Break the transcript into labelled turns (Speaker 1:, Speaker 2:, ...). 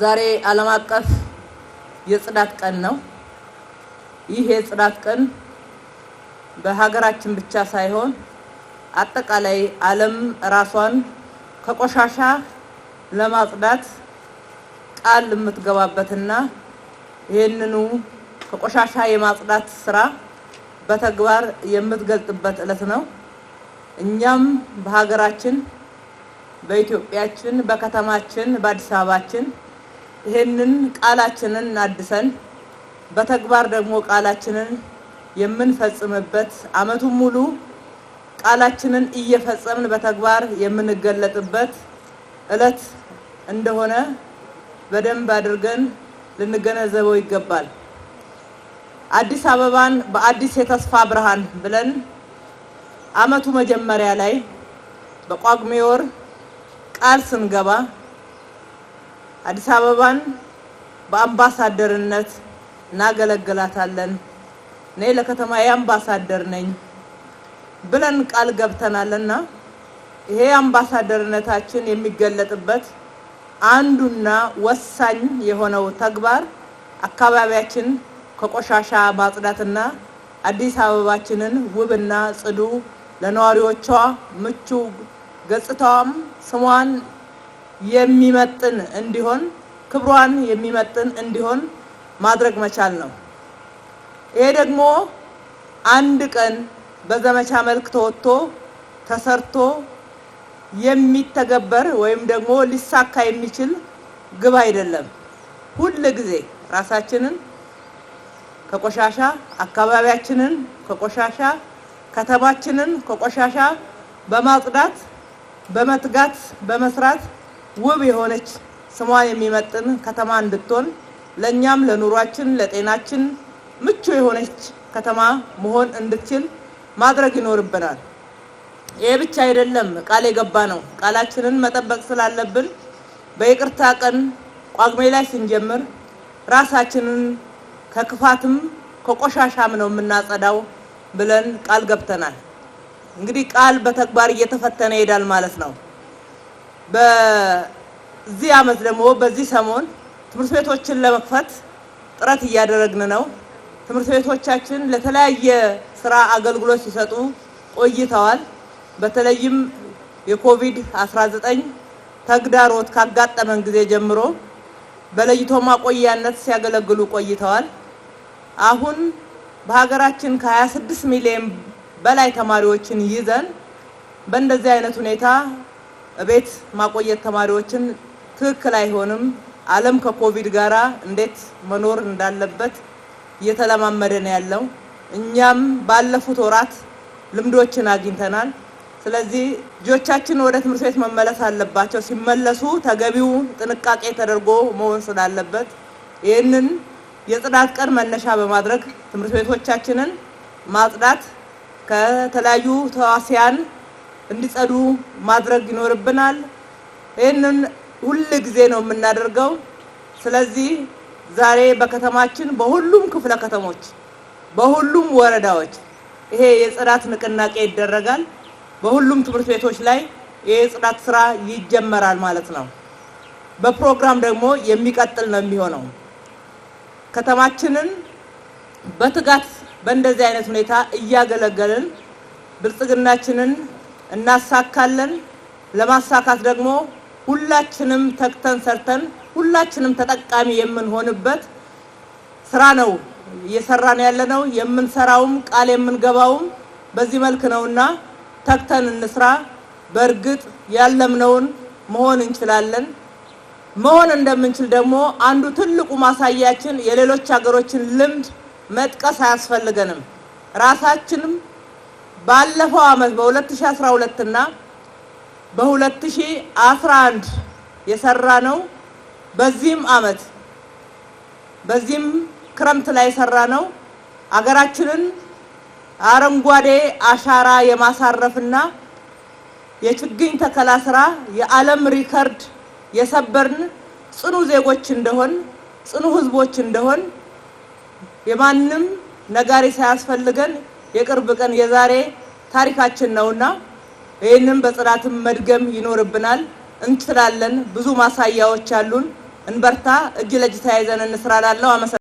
Speaker 1: ዛሬ ዓለም አቀፍ የጽዳት ቀን ነው። ይህ የጽዳት ቀን በሀገራችን ብቻ ሳይሆን አጠቃላይ ዓለም ራሷን ከቆሻሻ ለማጽዳት ቃል የምትገባበትና ይህንኑ ከቆሻሻ የማጽዳት ስራ በተግባር የምትገልጥበት ዕለት ነው። እኛም በሀገራችን በኢትዮጵያችን፣ በከተማችን፣ በአዲስ አበባችን ይህንን ቃላችንን አድሰን በተግባር ደግሞ ቃላችንን የምንፈጽምበት አመቱን ሙሉ ቃላችንን እየፈጸምን በተግባር የምንገለጥበት እለት እንደሆነ በደንብ አድርገን ልንገነዘበው ይገባል። አዲስ አበባን በአዲስ የተስፋ ብርሃን ብለን አመቱ መጀመሪያ ላይ በጳጉሜ ወር ቃል ስንገባ አዲስ አበባን በአምባሳደርነት እናገለግላታለን። እኔ ለከተማ የአምባሳደር ነኝ ብለን ቃል ገብተናልና ይሄ አምባሳደርነታችን የሚገለጥበት አንዱና ወሳኝ የሆነው ተግባር አካባቢያችን ከቆሻሻ ማጽዳትና አዲስ አበባችንን ውብና ጽዱ ለነዋሪዎቿ ምቹ ገጽታዋም ስሟን የሚመጥን እንዲሆን ክብሯን የሚመጥን እንዲሆን ማድረግ መቻል ነው። ይሄ ደግሞ አንድ ቀን በዘመቻ መልክ ተወጥቶ ተሰርቶ የሚተገበር ወይም ደግሞ ሊሳካ የሚችል ግብ አይደለም። ሁል ጊዜ ራሳችንን ከቆሻሻ አካባቢያችንን ከቆሻሻ ከተማችንን ከቆሻሻ በማጽዳት በመትጋት በመስራት ውብ የሆነች ስሟ የሚመጥን ከተማ እንድትሆን ለእኛም ለኑሯችን ለጤናችን ምቹ የሆነች ከተማ መሆን እንድትችል ማድረግ ይኖርብናል። ይህ ብቻ አይደለም፣ ቃል የገባ ነው። ቃላችንን መጠበቅ ስላለብን በይቅርታ ቀን ቋግሜ ላይ ስንጀምር ራሳችንን ከክፋትም ከቆሻሻም ነው የምናጸዳው ብለን ቃል ገብተናል። እንግዲህ ቃል በተግባር እየተፈተነ ይሄዳል ማለት ነው። በዚህ አመት ደግሞ በዚህ ሰሞን ትምህርት ቤቶችን ለመክፈት ጥረት እያደረግን ነው። ትምህርት ቤቶቻችን ለተለያየ ስራ አገልግሎት ሲሰጡ ቆይተዋል። በተለይም የኮቪድ-19 ተግዳሮት ካጋጠመን ጊዜ ጀምሮ በለይቶ ማቆያነት ሲያገለግሉ ቆይተዋል። አሁን በሀገራችን ከ26 ሚሊዮን በላይ ተማሪዎችን ይዘን በእንደዚህ አይነት ሁኔታ እቤት ማቆየት ተማሪዎችን ትክክል አይሆንም። ዓለም ከኮቪድ ጋራ እንዴት መኖር እንዳለበት እየተለማመደ ነው ያለው። እኛም ባለፉት ወራት ልምዶችን አግኝተናል። ስለዚህ ልጆቻችን ወደ ትምህርት ቤት መመለስ አለባቸው። ሲመለሱ ተገቢው ጥንቃቄ ተደርጎ መሆን ስላለበት ይህንን የጽዳት ቀን መነሻ በማድረግ ትምህርት ቤቶቻችንን ማጽዳት ከተለያዩ ተዋሲያን እንዲጸዱ ማድረግ ይኖርብናል። ይህንን ሁል ጊዜ ነው የምናደርገው። ስለዚህ ዛሬ በከተማችን በሁሉም ክፍለ ከተሞች፣ በሁሉም ወረዳዎች ይሄ የጽዳት ንቅናቄ ይደረጋል። በሁሉም ትምህርት ቤቶች ላይ የጽዳት ስራ ይጀመራል ማለት ነው። በፕሮግራም ደግሞ የሚቀጥል ነው የሚሆነው። ከተማችንን በትጋት በእንደዚህ አይነት ሁኔታ እያገለገልን ብልጽግናችንን እናሳካለን። ለማሳካት ደግሞ ሁላችንም ተግተን ሰርተን ሁላችንም ተጠቃሚ የምንሆንበት ስራ ነው እየሰራን ያለነው። የምንሰራውም ቃል የምንገባውም በዚህ መልክ ነውና ተግተን እንስራ። በእርግጥ ያለምነውን መሆን እንችላለን። መሆን እንደምንችል ደግሞ አንዱ ትልቁ ማሳያችን የሌሎች ሀገሮችን ልምድ መጥቀስ አያስፈልገንም። ራሳችንም ባለፈው አመት በ2012 እና በ2011 የሰራ ነው። በዚህም አመት በዚህም ክረምት ላይ የሰራ ነው አገራችንን አረንጓዴ አሻራ የማሳረፍና የችግኝ ተከላ ስራ የዓለም ሪከርድ የሰበርን ጽኑ ዜጎች እንደሆን ጽኑ ህዝቦች እንደሆን የማንም ነጋሪ ሳያስፈልገን የቅርብ ቀን የዛሬ ታሪካችን ነውና ይህንም በጽናትም መድገም ይኖርብናል። እንችላለን። ብዙ ማሳያዎች አሉን። እንበርታ። እጅ ለእጅ ተያይዘን እንስራላለው። አመሰግናለሁ።